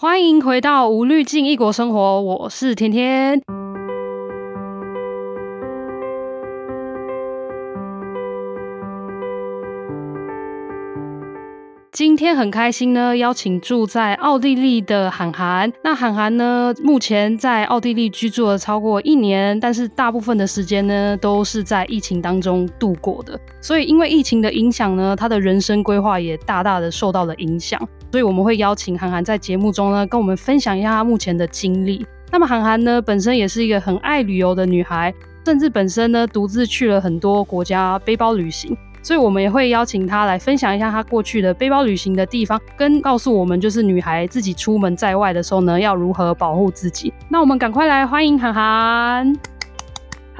歡迎回到無濾鏡異國生活，我是恬恬。今天很開心呢，邀請住在奧地利的函函。那函函呢，目前在奧地利居住了超過一年，但是大部分的時間呢，都是在疫情當中度過的。所以因為疫情的影響呢，他的人生規劃也大大的受到了影響。所以我們會邀請函函在節目中呢，跟我們分享一下她目前的經歷。那麼函函呢，本身也是一個很愛旅遊的女孩，甚至本身呢，獨自去了很多國家背包旅行。所以我們也會邀請她來分享一下她過去的背包旅行的地方，跟告訴我們就是女孩自己出門在外的時候呢，要如何保護自己。那我們趕快來歡迎函函。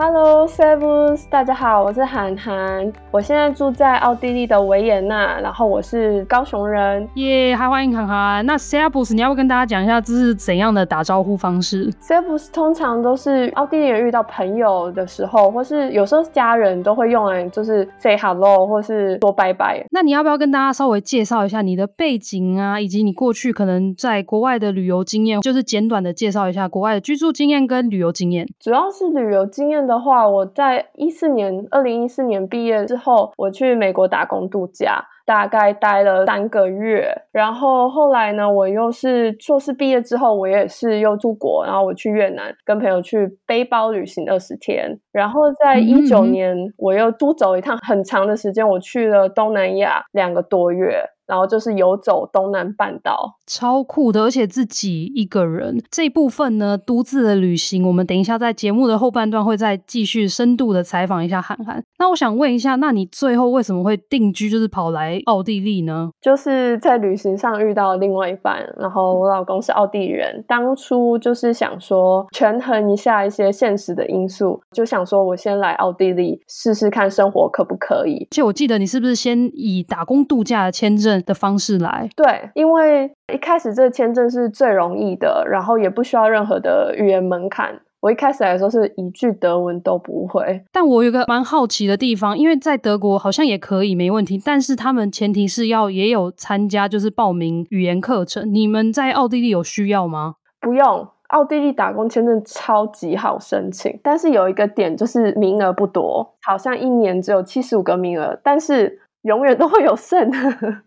Hello, Servus，大家好，我是函函，我現在住在奧地利的維也納，然後我是高雄人。耶，還歡迎函函。那 Servus，你要不要跟大家講一下這是怎樣的打招呼方式？Servus 通常都是奧地利人遇到朋友的時候，或是有時候家人都會用來就是 say hello 或是說拜拜。那你要不要跟大家稍微介紹一下你的背景啊，以及你過去可能在國外的旅遊經驗，就是簡短的介紹一下國外的居住經驗跟旅遊經驗。主要是旅遊經驗。的話，我在一四年，二零一四年畢業之後，我去美國打工度假，大概待了三個月。然後後來呢，我又是碩士畢業之後，我也是又出國，然後我去越南跟朋友去背包旅行二十天。然後在一九年，我又都走一趟，很長的時間，我去了東南亞兩個多月。然後就是遊走東南半島，超酷的！而且自己一個人。這一部分呢，獨自的旅行，我們等一下在節目的後半段會再繼續深度的採訪一下函函。那我想問一下，那你最後為什麼會定居，就是跑來奧地利呢？就是在旅行上遇到了另外一半，然後我老公是奧地利人，嗯、當初就是想說權衡一下一些現實的因素，就想說我先來奧地利試試看生活可不可以。就我記得你是不是先以打工度假的簽證？的方式來對，因為一開始這個簽證是最容易的，然後也不需要任何的語言門檻。我一開始來的時候是一句德文都不會，但我有個蠻好奇的地方，因為在德國好像也可以沒問題，但是他們前提是要也有參加，就是報名語言課程。你們在奧地利有需要嗎？不用，奧地利打工簽證超級好申請，但是有一個點就是名額不多，好像一年只有七十五個名額，但是。永遠都會有剩，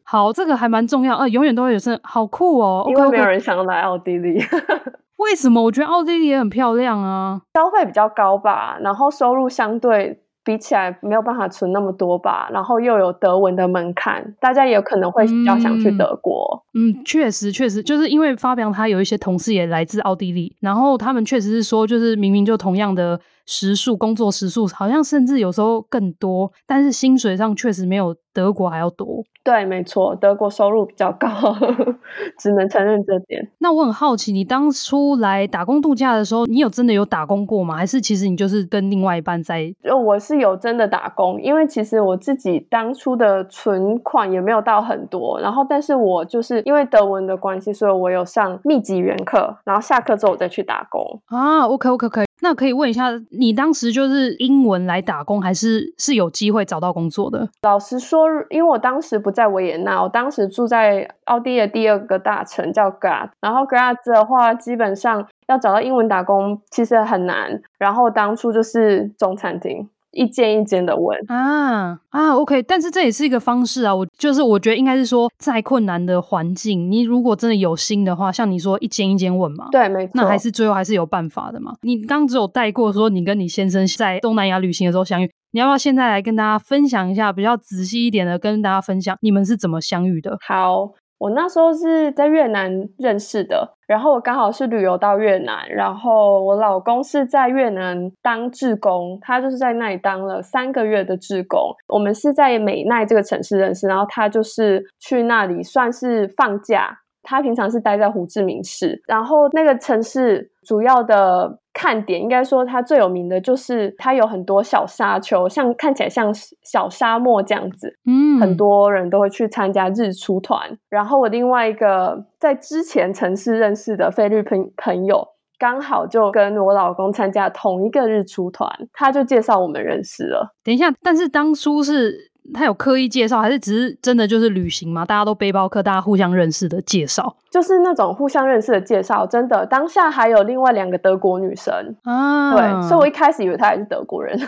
好，這個還蠻重要啊。永遠都會有剩，好酷哦。因為沒有人想來奧地利，okay, okay 為什麼？我覺得奧地利也很漂亮啊，消費比較高吧，然後收入相對比起來沒有辦法存那麼多吧，然後又有德文的門檻，大家也可能會比較想去德國。嗯，嗯，確實確實，就是因為 Fabian 他有一些同事也來自奧地利，然後他們確實是說，就是明明就同樣的。時數工作時數好像甚至有時候更多，但是薪水上確實沒有德國還要多。對，沒錯，德國收入比較高，呵呵，只能承認這點。那我很好奇，你當初來打工度假的時候，你有真的有打工過嗎？還是其實你就是跟另外一半在、哦？我是有真的打工，因為其實我自己當初的存款也沒有到很多，然後但是我就是因為德文的關係，所以我有上密集元課，然後下課之後我再去打工。啊，OK，OK，可以。Okay, okay, 那可以問一下，你當時就是英文來打工，還是是有機會找到工作的？老實說，因為我當時不在維也納，我當時住在奧地利的第二個大城叫 Graz，然後 Graz 的話，基本上要找到英文打工其實很難。然後當初就是中餐廳。一間一間的問啊啊，OK，但是這也是一個方式啊。我就是我覺得應該是說，在困難的環境，你如果真的有心的話，像你說一間一間問嘛，對，沒錯，那還是最後還是有辦法的嘛。你剛剛只有帶過說你跟你先生在東南亞旅行的時候相遇，你要不要現在來跟大家分享一下比較仔細一點的，跟大家分享你們是怎麼相遇的？好。我那時候是在越南認識的，然後我剛好是旅遊到越南，然後我老公是在越南當志工，他就是在那裡當了三個月的志工。我們是在美奈這個城市認識，然後他就是去那裡算是放假，他平常是待在胡志明市，然後那個城市。主要的看點，應該說它，最有名的就是它有很多小沙丘，像看起來像小沙漠這樣子。嗯，很多人都會去參加日出團。然後我另外一個在之前城市認識的菲律賓朋友，剛好就跟我老公參加同一個日出團，他就介紹我們認識了。等一下，但是當初是。他有刻意介紹，還是只是真的就是旅行嗎？大家都背包客，大家互相認識的介紹，就是那種互相認識的介紹。真的，當下還有另外兩個德國女生啊，對，所以我一開始以為她也是德國人。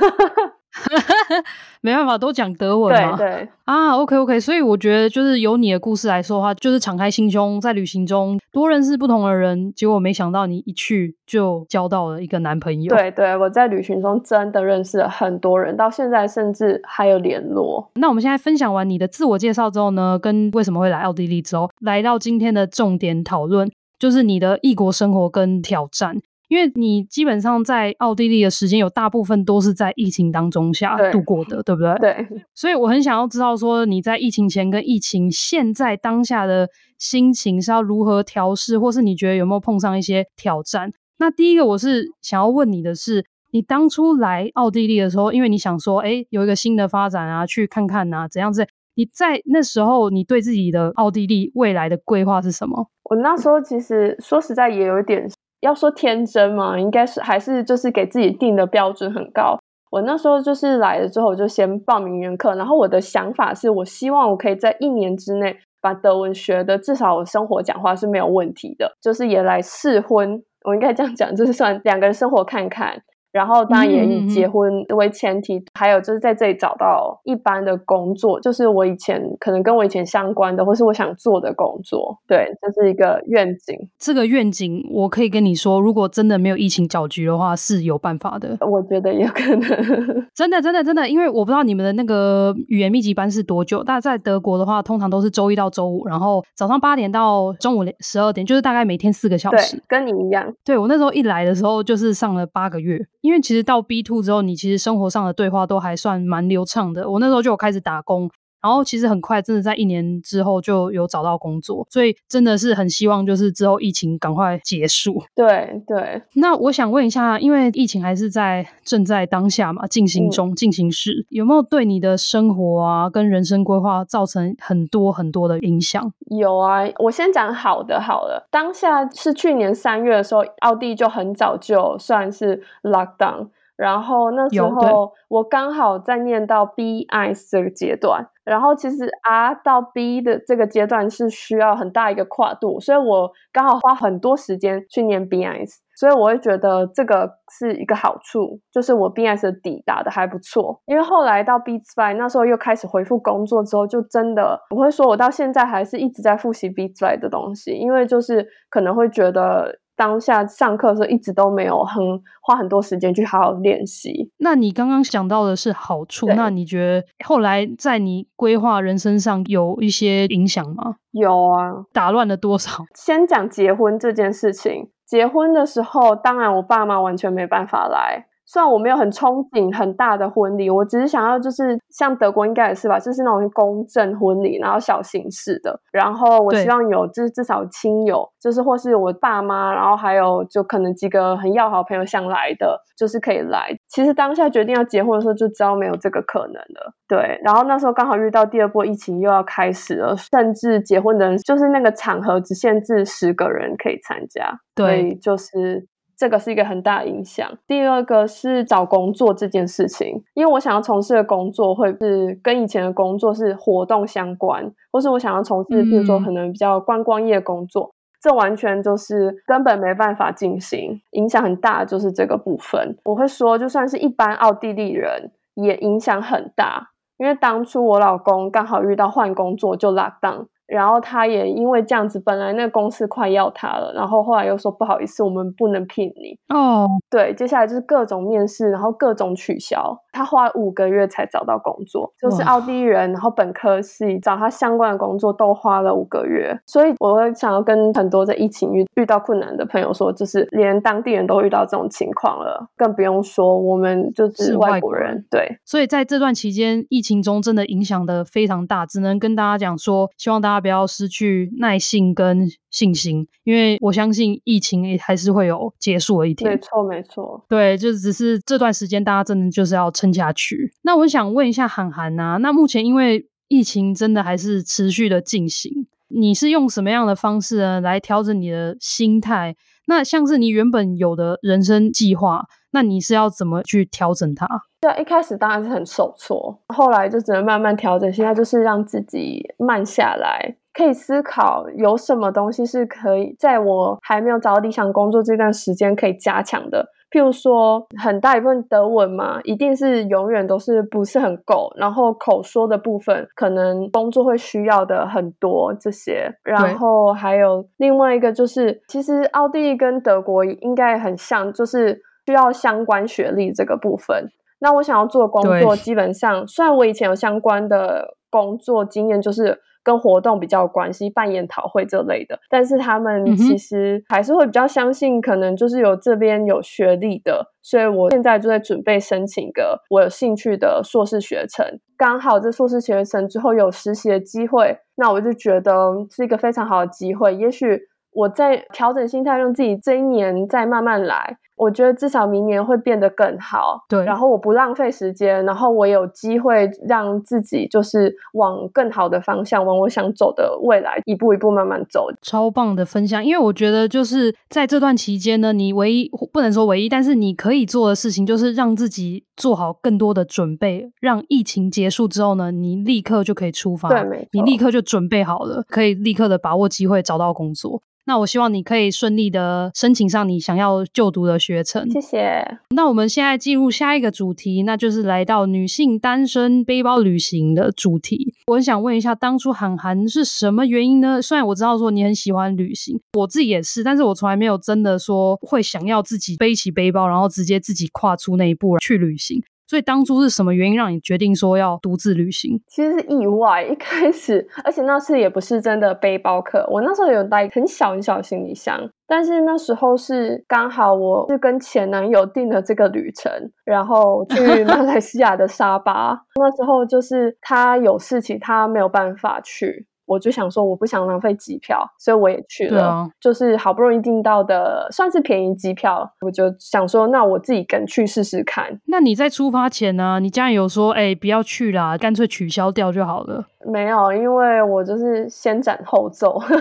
沒辦法，都講德文嘛。對對啊，OK OK，所以我覺得就是由你的故事來說的話，就是敞開心胸，在旅行中多認識不同的人。結果沒想到你一去就交到了一個男朋友。對對，我在旅行中真的認識了很多人，到現在甚至還有聯絡。那我們現在分享完你的自我介紹之後呢，跟為什麼會來奧地利之後，來到今天的重點討論，就是你的異國生活跟挑戰。因為你基本上在奧地利的時間，有大部分都是在疫情當中下度過的，對，對不對？對。所以，我很想要知道說你在疫情前跟疫情現在當下的心情是要如何調適，或是你覺得有沒有碰上一些挑戰？那第一個，我是想要問你的是，你當初來奧地利的時候，因為你想說，誒，有一個新的發展啊，去看看啊，怎樣子？你在那時候，你對自己的奧地利未來的規劃是什麼？我那時候其實說實在也有點。要說天真嘛，應該是還是就是給自己定的標準很高。我那時候就是來了之後，我就先報名語言課，然後我的想法是，我希望我可以在一年之內把德文學的，至少我生活講話是沒有問題的，就是也來試婚，我應該這樣講，就是算兩個人生活看看。然後當然也以結婚為前提，嗯嗯嗯，還有就是在這裡找到一般的工作，就是我以前可能跟我以前相關的，或是我想做的工作，對，這，就是一個願景。這個願景我可以跟你說，如果真的沒有疫情攪局的話，是有辦法的。我覺得有可能，真的真的真的，因為我不知道你們的那個語言密集班是多久，但，在德國的話，通常都是周一到周五，然後早上八點到中午十二點，就是大概每天四個小時，對，跟你一樣。對，我那時候一來的時候，就是上了八個月。因為其實到 B2 之後，你其實生活上的對話都還算蠻流暢的。我那時候就有開始打工。然後其實很快，真的在一年之後就有找到工作，所以真的是很希望就是之後疫情趕快結束。對對，對，那我想問一下，因為疫情還是在正在當下嘛，進行中、嗯、進行時，有沒有對你的生活啊跟人生規劃造成很多很多的影響？有啊，我先講好的好的，當下是去年三月的時候，奧地就很早就算是 lockdown，然後那時候我剛好在念到 B1 這個階段。然後其實 R 到 B 的這個階段是需要很大一個跨度，所以我剛好花很多時間去念 B1，所以我會覺得這個是一個好處，就是我 B1 的底打得還不錯。因為後來到 B2 那時候又開始恢復工作之後，就真的我會說我到現在還是一直在複習 B2 的東西，因為就是可能會覺得。當下上課的時候，一直都沒有很花很多時間去好好練習。那你剛剛講到的是好處，對那你覺得後來在你規劃人生上有一些影響嗎？有啊，打亂了多少？先講結婚這件事情。結婚的時候，當然我爸媽完全沒辦法來。雖然我沒有很憧憬，很大的婚禮，我只是想要就是像德國應該也是吧，就是那種公證婚禮，然後小型式的。然後我希望有對就是至少親友，就是或是我爸媽，然後還有就可能幾個很要好的朋友想來的，就是可以來。其實當下決定要結婚的時候就知道沒有這個可能了，對。然後那時候剛好遇到第二波疫情又要開始了，甚至結婚的人就是那個場合只限制十個人可以參加，對，所以就是。這個是一個很大的影響。第二個是找工作這件事情，因為我想要從事的工作，會是跟以前的工作是活動相關，或是，我想要從事，譬如說可能比較觀光業工作，這完全就是根本沒辦法進行，影響很大。就是這個部分，我會說，就算是一般奧地利人也影響很大，因為當初我老公剛好遇到換工作就拉檔。然後他也因為這樣子，本來那個公司快要他了，然後後來又說不好意思，我們不能聘你哦。Oh. 對，接下來就是各種面試，然後各種取消。他花五個月才找到工作，就是奧地利人，然後本科系找他相關的工作都花了五個月。所以，我會想要跟很多在疫情遇遇到困難的朋友說，就是連當地人都遇到這種情況了，更不用說我們就是外國人。國對，所以在這段期間，疫情中真的影響得非常大，只能跟大家講說，希望大家。不要失去耐性跟信心，因為我相信疫情也還是會有結束的一天。沒錯，沒錯，對，就只是這段時間，大家真的就是要撐下去。那我想問一下函函啊，那目前因為疫情真的還是持續的進行，你是用什麼樣的方式呢，來調整你的心態？那像是你原本有的人生計劃，那你是要怎麼去調整它？對，一開始當然是很受挫，後來就只能慢慢調整。現在就是讓自己慢下來，可以思考有什麼東西是可以在我還沒有找到理想工作這段時間可以加強的。譬如說，很大一部分德文嘛，一定是永遠都是不是很夠。然後口說的部分，可能工作會需要的很多這些。然後還有另外一個就是，其實奧地利跟德國也應該很像，就是需要相關學歷這個部分。那我想要做的工作，對基本上雖然我以前有相關的工作經驗，就是跟活動比較有關係，辦研討會這類的，但是他們其實還是會比較相信，可能就是有這邊有學歷的，所以我現在就在準備申請個我有興趣的碩士學程，剛好這碩士學程之後有實習的機會，那我就覺得是一個非常好的機會，也許。我在調整心態，讓自己這一年再慢慢來。我覺得至少明年會變得更好。對，然後我不浪費時間，然後我有機會讓自己就是往更好的方向，往我想走的未來一步一步慢慢走。超棒的分享，因為我覺得就是在這段期間呢，你唯一，不能說唯一，但是你可以做的事情就是讓自己做好更多的準備，讓疫情結束之後呢，你立刻就可以出發，對，你立刻就準備好了，可以立刻的把握機會找到工作。那我希望你可以順利的申請上你想要就讀的學程。謝謝。那我們現在進入下一個主題，那就是來到女性單身背包旅行的主題。我很想問一下，當初函函是什麼原因呢？雖然我知道說你很喜歡旅行，我自己也是，但是我從來沒有真的說會想要自己背起背包，然後直接自己跨出那一步去旅行。所以當初是什麼原因讓你決定說要獨自旅行？其實是意外，一開始，而且那次也不是真的背包客。我那時候有帶很小很小的行李箱，但是那時候是剛好我是跟前男友訂了這個旅程，然後去馬來西亞的沙巴。 那時候就是他有事情，他沒有辦法去。我就想說，我不想浪費機票，所以我也去了。啊、就是好不容易訂到的，算是便宜機票，我就想說，那我自己跟去試試看。那你在出發前呢？你家裡有說，誒、欸、不要去啦，乾脆取消掉就好了？沒有，因為我就是先斬後奏。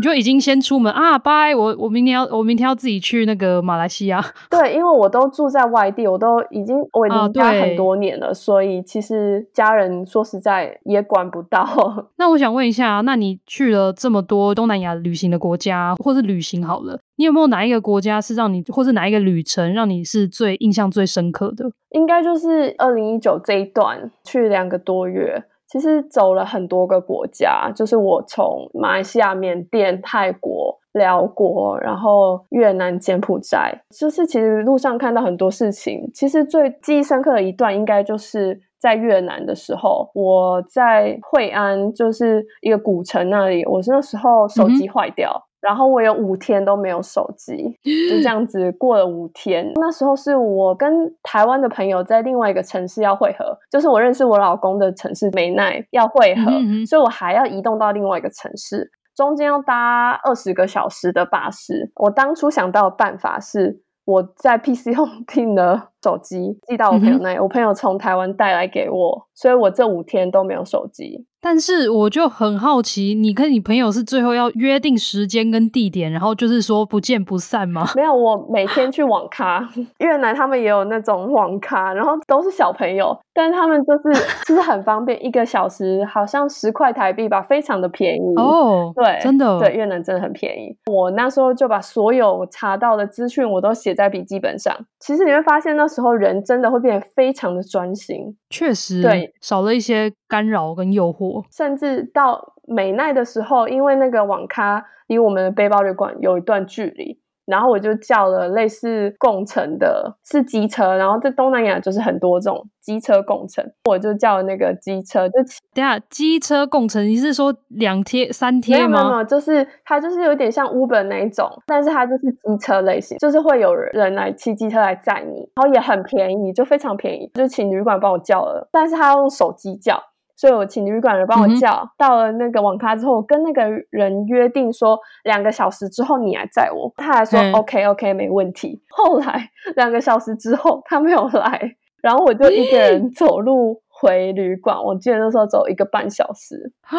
你就已經先出門啊，拜，我，我明天要，我明天要自己去那個馬來西亞。對，因為我都住在外地，我都已經我已經離開很多年了，啊、所以其實家人說實在也管不到。那我想問一下，那你去了這麼多東南亞旅行的國家，或是旅行好了，你有沒有哪一個國家是讓你，或是哪一個旅程讓你是最印象最深刻的？應該就是二零一九這一段去兩個多月。其實走了很多個國家，就是我從馬來西亞、緬甸、泰國、寮國，然後越南、柬埔寨，就是其實路上看到很多事情。其實最記憶深刻的一段，應該就是在越南的時候，我在會安就是一個古城那裡，我那時候手機壞掉。嗯然後我有五天都沒有手機，就這樣子過了五天。那時候是我跟台灣的朋友在另外一個城市要會合，就是我認識我老公的城市美奈要會合，嗯嗯，所以我還要移動到另外一個城市，中間要搭二十個小時的巴士。我當初想到的辦法是，我在 PC Home 訂的。手機寄到我朋友那裡，嗯、哼我朋友從台灣帶來給我，所以我這五天都沒有手機。但是我就很好奇，你跟你朋友是最後要約定時間跟地點，然後就是說不見不散嗎？沒有，我每天去網咖， 越南他們也有那種網咖，然後都是小朋友，但他們就是就 是很方便，一個小時好像十塊台幣吧，非常的便宜哦。對，真的，對越南真的很便宜。我那時候就把所有我查到的資訊我都寫在筆記本上。其實你會發現呢，時候人真的會變得非常的專心，確實，對，少了一些干擾跟誘惑，甚至到美奈的時候，因為那個網咖離我們的背包旅館有一段距離。然後我就叫了類似共乘的，是機車，然後在東南亞就是很多這種機車共乘，我就叫了那個機車。就起等一下，機車共乘，你是說兩貼三貼嗎？沒有沒有，就是它就是有點像 Uber 那一種，但是它就是機車類型，就是會有人來騎機車來載你，然後也很便宜，就非常便宜，就請旅館幫我叫了，但是他用手機叫。所以我請旅館人幫我叫、嗯、哼到了那個網咖之後，我跟那個人約定說兩個小時之後你來載我。他還說、嗯、OK OK 沒問題。後來兩個小時之後他沒有來，然後我就一個人走路回旅館。嗯、我記得那時候走一個半小時啊！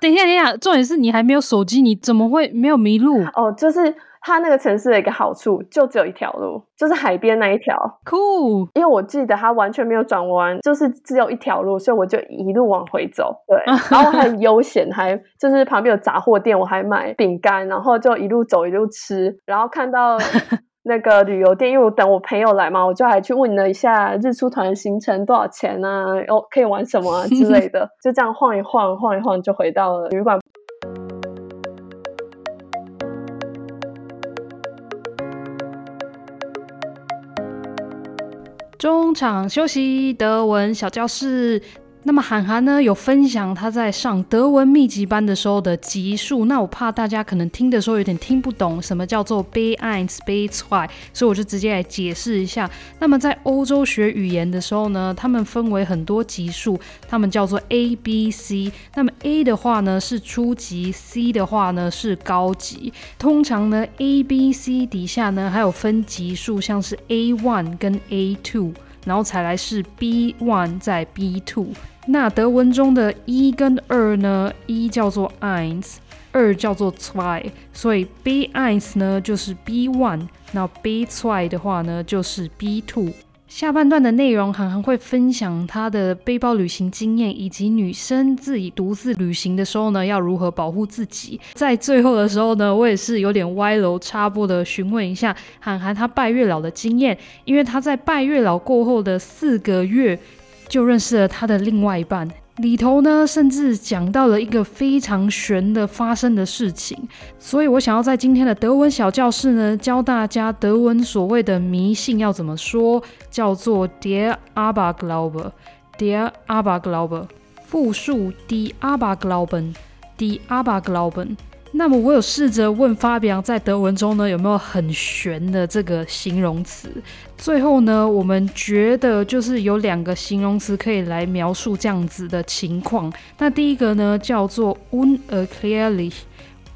等一下，等一下，重點是你還沒有手機，你怎麼會沒有迷路？哦，就是。它那個城市的一個好處，就只有一條路，就是海邊那一條，酷。Cool. 因為我記得它完全沒有轉彎，就是只有一條路，所以我就一路往回走。對， 然後還很悠閒，還就是旁邊有雜貨店，我還買餅乾，然後就一路走一路吃，然後看到那個旅遊店， 因為我等我朋友來嘛，我就還去問了一下日出團行程多少錢啊，哦，可以玩什麼啊之類的， 就這樣晃一晃，晃一晃就回到了旅館。中場休息，德文小教室。那麼函函呢有分享他在上德文密集班的時候的級數，那我怕大家可能聽的時候有點聽不懂什麼叫做 B1, B2，所以我就直接來解釋一下。那麼在歐洲學語言的時候呢，他們分為很多級數，他們叫做 A, B, C。那麼 A 的話呢是初級，C 的話呢是高級。通常呢 A, B, C 底下呢還有分級數，像是 A1 跟 A2。然後才來是 B1 再 B2。那德文中的一跟二呢？一叫做 eins，二叫做 zwei。所以 B eins 呢，就是 B1；那 B zwei 的話呢，就是 B2。下半段的內容，函函會分享她的背包旅行經驗，以及女生自己獨自旅行的時候呢，要如何保護自己。在最後的時候呢，我也是有點歪樓插播的詢問一下函函她拜月老的經驗，因為她在拜月老過後的四個月，就認識了她的另外一半。裡頭呢，甚至講到了一個非常玄的發生的事情，所以我想要在今天的德文小教室呢，教大家德文所謂的迷信要怎麼說，叫做 der Aberglaube der Aberglaube，複數 die Aberglauben die Aberglauben。那麼我有試着問，Fabian 在德文中呢有沒有很玄的這個形容詞？最後呢，我們覺得就是有兩個形容詞可以來描述這樣子的情況。那第一個呢叫做 unerklärlich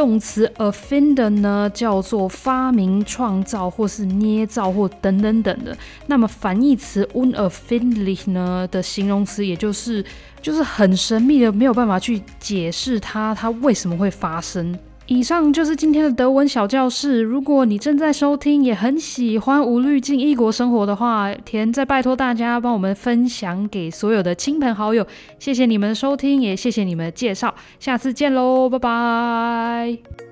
動詞 erfinden 呢叫做發明創造，或是捏造，或等等等等的，那麼反義詞 unerfindlich 呢的形容詞，也就是，就是很神秘的，沒有辦法去解釋它，它為什麼會發生。以上就是今天的德文小教室。如果你正在收聽，也很喜歡無濾鏡異國生活的話，恬再拜託大家幫我們分享給所有的親朋好友。謝謝你們的收聽，也謝謝你們的介紹。下次見嘍，拜拜。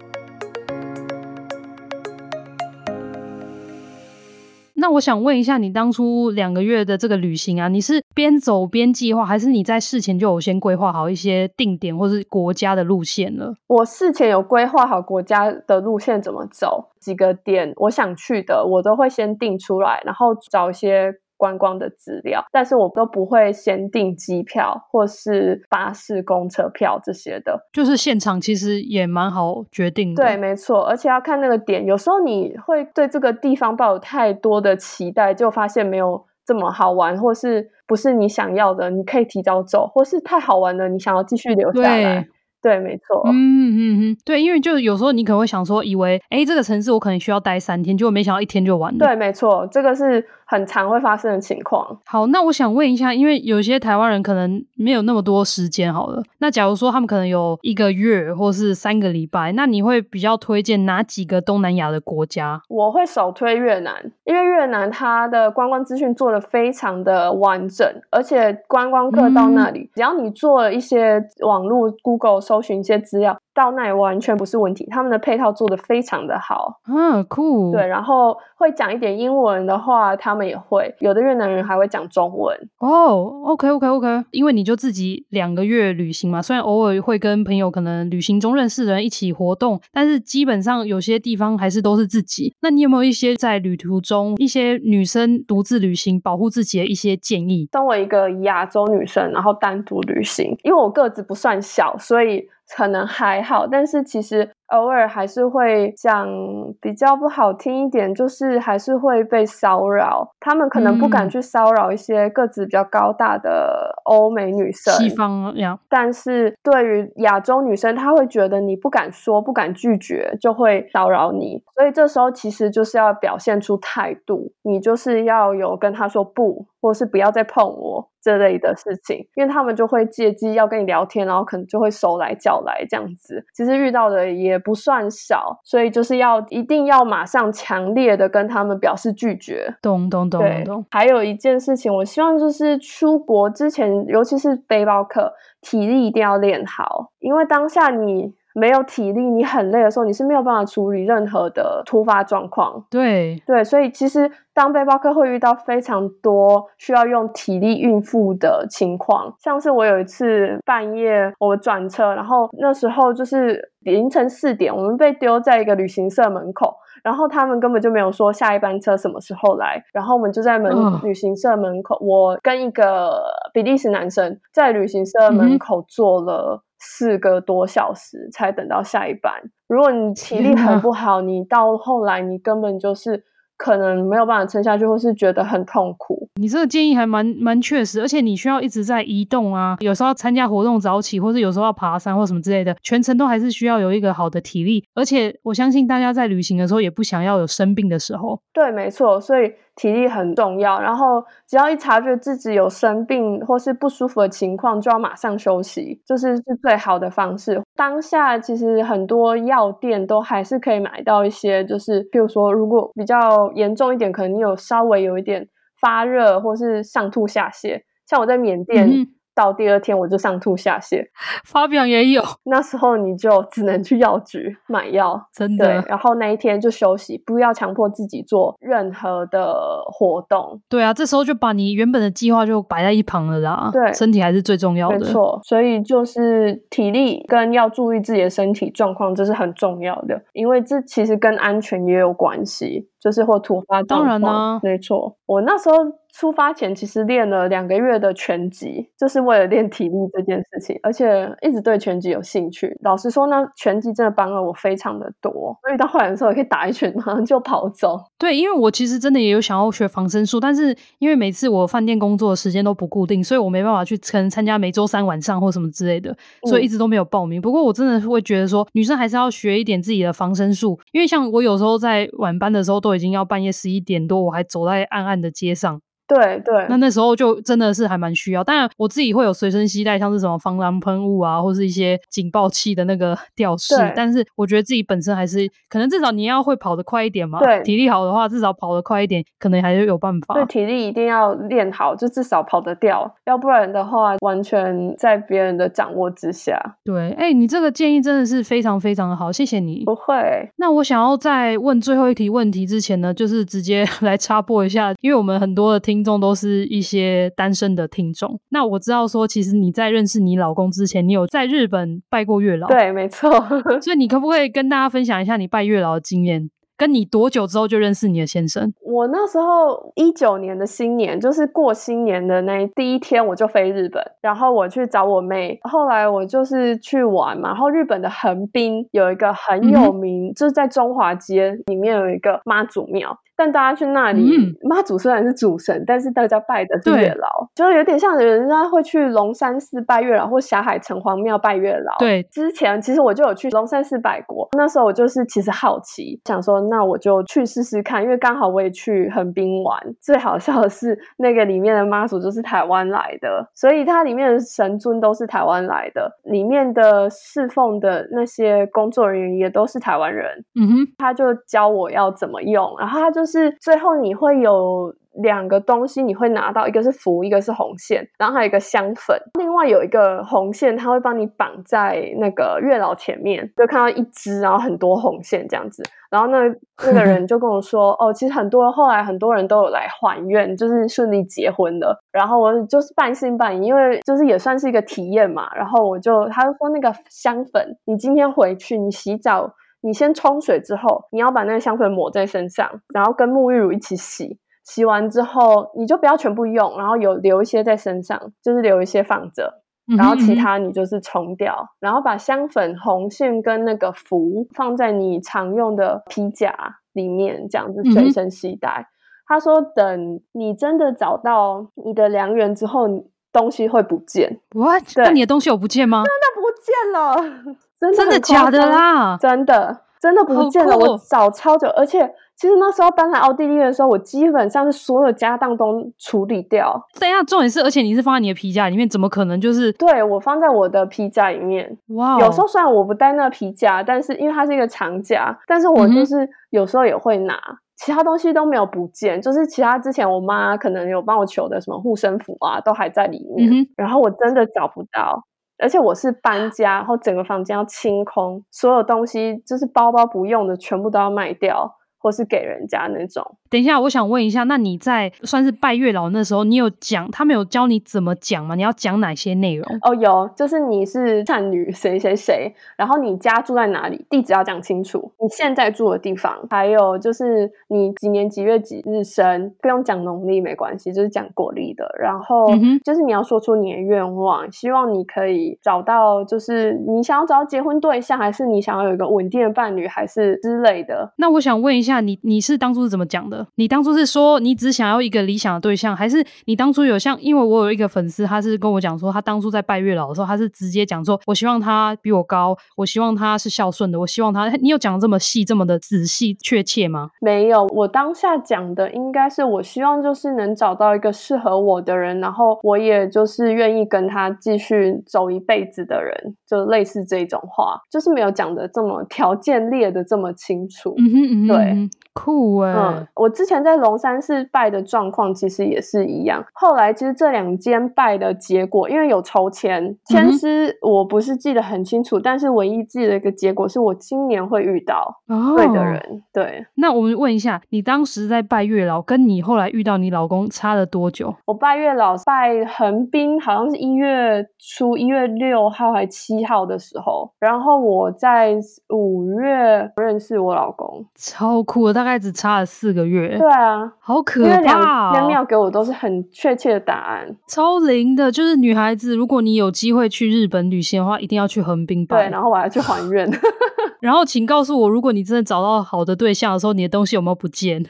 那我想問一下，你當初兩個月的這個旅行啊，你是邊走邊計劃，還是你在事前就有先規劃好一些定點或是國家的路線呢？我事前有規劃好國家的路線怎麼走，幾個點我想去的，我都會先定出來，然後找一些觀光的資料，但是我都不會先訂機票或是巴士、公車票這些的，就是現場其實也蠻好決定的。對，沒錯，而且要看那個點，有時候你會對這個地方抱有太多的期待，就發現沒有這麼好玩，或是不是你想要的，你可以提早走，或是太好玩了，你想要繼續留下來。對，沒錯。嗯嗯嗯，對，因為就是有時候你可能會想說，以為哎，這個城市我可能需要待三天，結果沒想到一天就完了。對，沒錯，這個是很常會發生的情況。好，那我想問一下，因為有些台灣人可能沒有那麼多時間，好了，那假如說他們可能有一個月或是三個禮拜，那你會比較推薦哪幾個東南亞的國家？我會首推越南，因為越南它的觀光資訊做得非常的完整，而且觀光客到那裡，嗯、只要你做了一些網絡 Google 搜。搜尋一些資料。到那完全不是問題，他們的配套做得非常的好。嗯，酷、cool。對，然後會講一點英文的話，他們也會。有的越南人還會講中文哦。Oh, OK，OK，OK、okay, okay, okay.。因為你就自己兩個月旅行嘛，雖然偶爾會跟朋友，可能旅行中認識的人一起活動，但是基本上有些地方還是都是自己。那你有沒有一些在旅途中一些女生獨自旅行保護自己的一些建議？身為一個亞洲女生，然後單獨旅行，因為我個子不算小，所以。可能還好，但是其實。偶爾還是會講比較不好聽一點，就是還是會被騷擾。他們可能不敢去騷擾一些個子比較高大的歐美女生，西方樣，嗯，但是對於亞洲女生，他會覺得你不敢說、不敢拒絕，就會騷擾你。所以這時候其實就是要表現出態度，你就是要有跟他說不，或是不要再碰我這類的事情，因為他們就會借機要跟你聊天，然後可能就會手來腳來這樣子。其實遇到的也不算少，所以就是要一定要馬上強烈的跟他們表示拒絕。咚咚咚咚。還有一件事情，我希望就是出國之前，尤其是背包客，體力一定要練好，因為當下你。沒有體力，你很累的時候，你是沒有辦法處理任何的突發狀況。對對，所以其實當背包客會遇到非常多需要用體力應付的情況，像是我有一次半夜我們轉車，然後那時候就是凌晨四點，我們被丟在一個旅行社門口，然後他們根本就沒有說下一班車什麼時候來，然後我們就在門、哦、旅行社門口，我跟一個比利時男生在旅行社門口坐了、嗯。四個多小時才等到下一班。如果你體力很不好，天哪，你到後來你根本就是可能沒有辦法撐下去，或是覺得很痛苦。你這個建議還蠻蠻確實，而且你需要一直在移動啊，有時候參加活動早起，或是有時候要爬山或什麼之類的，全程都還是需要有一個好的體力。而且我相信大家在旅行的時候也不想要有生病的時候。對，沒錯，所以。體力很重要，然後只要一察覺自己有生病或是不舒服的情況，就要馬上休息，就是是最好的方式。當下其實很多藥店都還是可以買到一些，就是比如說，如果比較嚴重一點，可能你有稍微有一點發熱或是上吐下瀉，像我在緬甸。嗯到第二天我就上吐下瀉，發表也有。那時候你就只能去藥局買藥，真的。對，然後那一天就休息，不要強迫自己做任何的活動。對啊，這時候就把你原本的計劃就擺在一旁了啦。對，身體還是最重要的。沒錯，所以就是體力跟要注意自己的身體狀況，這是很重要的，因為這其實跟安全也有關係。就是或突發狀況，當然啊，沒錯。我那時候出發前其實練了兩個月的拳擊，就是為了練體力這件事情，而且一直對拳擊有興趣。老實說呢，拳擊真的幫了我非常的多，所以到後來的時候也可以打一拳馬上就跑走。對，因為我其實真的也有想要學防身術，但是因為每次我飯店工作的時間都不固定，所以我沒辦法去參參加每周三晚上或什麼之類的，所以一直都沒有報名。嗯、不過我真的會覺得說，女生還是要學一點自己的防身術，因為像我有時候在晚班的時候都。都已經要半夜十一點多，我還走在暗暗的街上。對對，對那那時候就真的是還蠻需要。當然，我自己會有隨身攜帶，像是什麼防狼噴霧啊，或是一些警報器的那個吊飾。對但是我覺得自己本身還是可能至少你要會跑得快一點嘛。對，體力好的話，至少跑得快一點，可能還是有辦法。對，體力一定要練好，就至少跑得掉，要不然的話，完全在別人的掌握之下。對，哎，你這個建議真的是非常非常的好，謝謝你。不會，那我想要再問最後一題問題之前呢，就是直接來插播一下，因為我們很多的聽。聽眾都是一些單身的聽眾，那我知道說，其實你在認識你老公之前，你有在日本拜過月老，對，沒錯。 所以你可不可以跟大家分享一下你拜月老的經驗？跟你多久之後就認識你的先生？我那時候一九年的新年，就是過新年的那一第一天，我就飛日本，然後我去找我妹。後來我就是去玩嘛，然後日本的橫濱有一個很有名，嗯、就是在中華街裡面有一個媽祖廟，但大家去那裡、嗯、媽祖雖然是主神，但是大家拜的是月老，對就是有點像人家會去龍山寺拜月老或霞海城隍廟拜月老。對，之前其實我就有去龍山寺拜過，那時候我就是其實好奇，想說。那我就去試試看，因為剛好我也去橫濱玩。最好笑的是，那個裡面的媽祖就是台灣來的，所以它裡面的神尊都是台灣來的，裡面的侍奉的那些工作人員也都是台灣人。嗯哼，他就教我要怎麼用，然後他就是最後你會有。兩個東西你會拿到，一個是符，一個是紅線，然後還有一個香粉。另外有一個紅線，他會幫你綁在那個月老前面，就看到一支，然後很多紅線這樣子。然後那那個人就跟我說：“哦，其實很多後來很多人都有來還願，就是順利結婚的。”然後我就是半信半疑，因為就是也算是一個體驗嘛。然後我就他就說：“那個香粉，你今天回去，你洗澡，你先沖水之後，你要把那個香粉抹在身上，然後跟沐浴乳一起洗。”洗完之後，你就不要全部用，然後有留一些在身上，就是留一些放着，嗯哼嗯哼，然後其他你就是沖掉，嗯哼嗯哼，然後把香粉、紅線跟那個符放在你常用的皮夾裡面，這樣子隨身攜帶。嗯、哼他說，等你真的找到你的良緣之後，東西會不見。哇 What? 對，那你的東西有不見嗎？真的不見了，真的假的啦？真的真的不見了，我找超久，而且。其實那時候搬來奧地利的時候，我基本上是所有家當都處理掉。對呀，重點是，而且你是放在你的皮夾裡面，怎麼可能就是？對，我放在我的皮夾裡面。哇 Wow！有時候雖然我不帶那個皮夾，但是因為它是一個長夾，但是我就是有時候也會拿。嗯、哼其他東西都沒有不見，就是其他之前我媽可能有幫我求的什麼護身符啊，都還在裡面。嗯、哼然後我真的找不到，而且我是搬家，然後整個房間要清空，所有東西就是包包不用的全部都要賣掉。或是給人家那種。等一下，我想問一下，那你在算是拜月老那時候，你有講他們有教你怎麼講嗎？你要講哪些內容？哦，有，就是你是善女誰誰誰，然後你家住在哪裡，地址要講清楚，你現在住的地方，還有就是你幾年幾月幾日生，不用講農曆沒關係，就是講國曆的。然後，嗯哼，就是你要說出你的願望，希望你可以找到，就是你想要找到結婚對象，還是你想要有一個穩定的伴侶，還是之類的。那我想問一下。你你是當初是怎麼講的？你當初是說你只想要一個理想的對象，還是你當初有像？因為我有一個粉絲，他是跟我講說，他當初在拜月老的時候，他是直接講說，我希望他比我高，我希望他是孝順的，我希望他……你有講的這麼細、這麼的仔細、確切嗎？沒有，我當下講的應該是我希望就是能找到一個適合我的人，然後我也就是願意跟他繼續走一輩子的人，就類似這種話，就是沒有講的這麼條件列的這麼清楚。嗯哼嗯，對。酷啊，欸嗯，我之前在龍山寺拜的狀況其實也是一樣。後來其實這兩間拜的結果，因為有抽籤，籤詩我不是記得很清楚，嗯、但是唯一記得一個結果是我今年會遇到對的人。哦、對，那我們問一下，你當時在拜月老，跟你後來遇到你老公差了多久？我拜月老拜橫濱，好像是一月初一月六號還七號的時候，然後我在五月認識我老公，超酷。苦了大概只差了四個月，對啊，好可怕啊、哦！廟給我都是很確切的答案，超靈的。就是女孩子，如果你有機會去日本旅行的話，一定要去橫濱吧。對，然後我還要去還願。 然後請告訴我，如果你真的找到好的對象的時候，你的東西有沒有不見？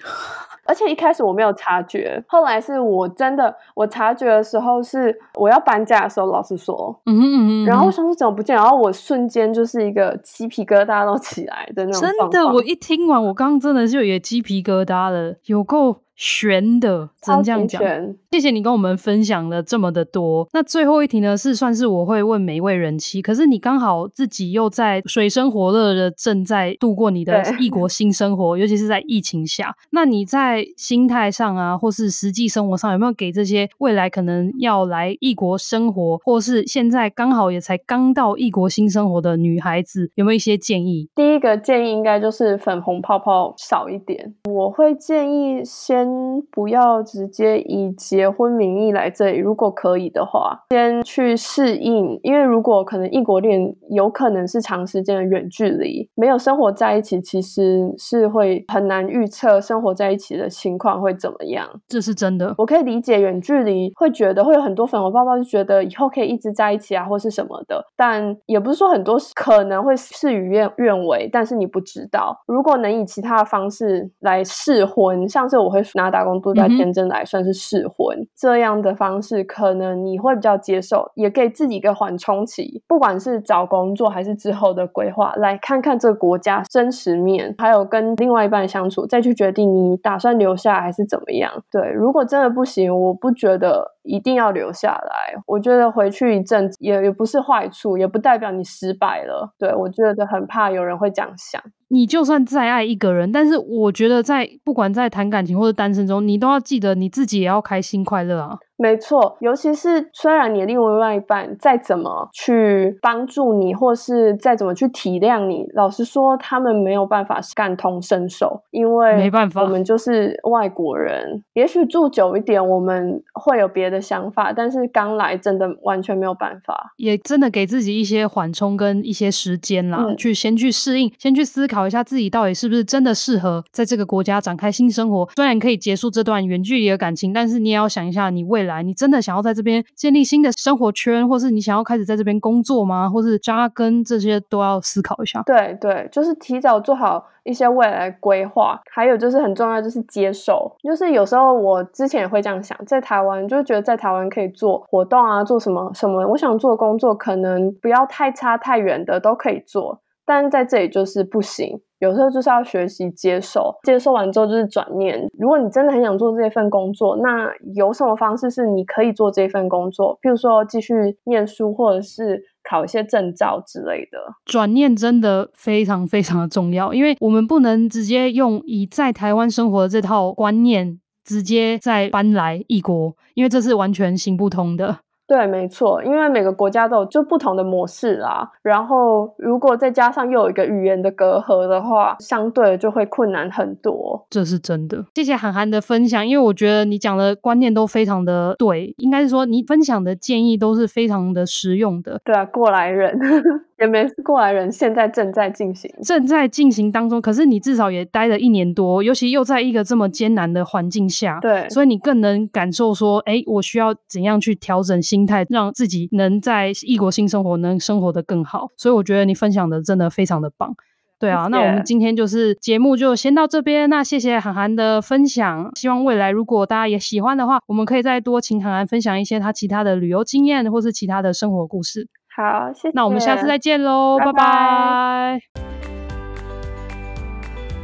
而且一開始我沒有察覺，後來是我真的，我察覺的時候是我要搬家的時候，老實說，嗯哼嗯哼嗯哼，然後箱子怎麼不見？然後我瞬間就是一個雞皮疙瘩都起來的那種。真的，我一聽完，我剛真的就也雞皮疙瘩了，有夠。懸的，只能這樣講，謝謝你跟我們分享了這麼的多。那最後一題呢，是算是我會問每一位人妻，可是你剛好自己又在水深火熱的正在度過你的異國新生活，對尤其是在疫情下。那你在心態上啊，或是實際生活上，有沒有給這些未來可能要來異國生活，或是現在剛好也才剛到異國新生活的女孩子，有沒有一些建議？第一個建議應該就是粉紅泡泡少一點，我會建議先。嗯，不要直接以結婚名義來這裡。如果可以的話，先去適應。因為如果可能，異國戀有可能是長時間的遠距離，沒有生活在一起，其實是會很難預測生活在一起的情況會怎麼樣。這是真的，我可以理解遠距離會覺得會有很多粉紅泡泡，就覺得以後可以一直在一起啊，或是什麼的。但也不是說很多可能會事與願願違，但是你不知道。如果能以其他的方式來試婚，像這我會說。拿打工度假簽證來，嗯、算是試婚這樣的方式，可能你會比較接受，也給自己一個緩衝期。不管是找工作還是之後的規劃，來看看這個國家真實面，還有跟另外一半相處，再去決定你打算留下來還是怎麼樣。對，如果真的不行，我不覺得。一定要留下來，我覺得回去一陣子也也不是壞處，也不代表你失敗了。對，我覺得很怕有人會這樣想。你就算再愛一個人，但是我覺得在不管在談感情或者單身中，你都要記得你自己也要開心快樂啊。沒錯，尤其是雖然你另外一半再怎麼去幫助你，或是再怎麼去體諒你，老實說，他們沒有辦法感同身受，因為沒辦法，我們就是外國人。也許住久一點，我們會有別的想法，但是剛來真的完全沒有辦法，也真的給自己一些緩衝跟一些時間啦，嗯、去先去適應，先去思考一下自己到底是不是真的適合在這個國家展開新生活。雖然可以結束這段遠距離的感情，但是你也要想一下，你未來，來，你真的想要在這邊建立新的生活圈，或是你想要開始在這邊工作嗎？或是紮根，這些都要思考一下。對對，就是提早做好一些未來規劃。還有就是很重要，就是接受。就是有時候我之前也會這樣想，在台灣就覺得在台灣可以做活動啊，做什麼什麼，我想做工作，可能不要太差太遠的都可以做。但是在這裡就是不行，有時候就是要學習接受，接受完之後就是轉念。如果你真的很想做這份工作，那有什麼方式是你可以做這份工作？比如說繼續念書，或者是考一些證照之類的。轉念真的非常非常的重要，因為我們不能直接用以在台灣生活的這套觀念，直接再搬來異國，因為這是完全行不通的。對，沒錯，因為每個國家都有就不同的模式啦。然後，如果再加上又有一個語言的隔閡的話，相對就會困難很多。這是真的。謝謝函函的分享，因為我覺得你講的觀念都非常的對，應該是說你分享的建議都是非常的實用的。對啊，過來人。 也沒是過來人，現在正在進行，正在進行當中。可是你至少也待了一年多，尤其又在一個這麼艱難的環境下，對，所以你更能感受說，誒，我需要怎樣去調整心態，讓自己能在異國新生活能生活得更好。所以我覺得你分享的真的非常的棒。對啊，Okay. 那我們今天就是節目就先到這邊，那謝謝函函的分享。希望未來如果大家也喜歡的話，我們可以再多請函函分享一些他其他的旅遊經驗，或是其他的生活故事。好，謝謝。那我們下次再見嘍，拜拜。拜拜。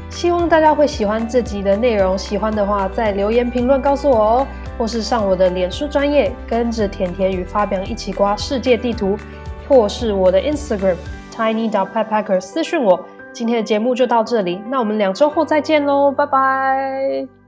希望大家會喜歡這集的內容，喜歡的話在留言評論告訴我哦，或是上我的臉書專頁，跟着恬恬與 Fabian 一起刮世界地圖，或是我的 Instagram tiny.backpacker 私訊我。今天的節目就到這裡，那我們兩周後再見嘍，拜拜。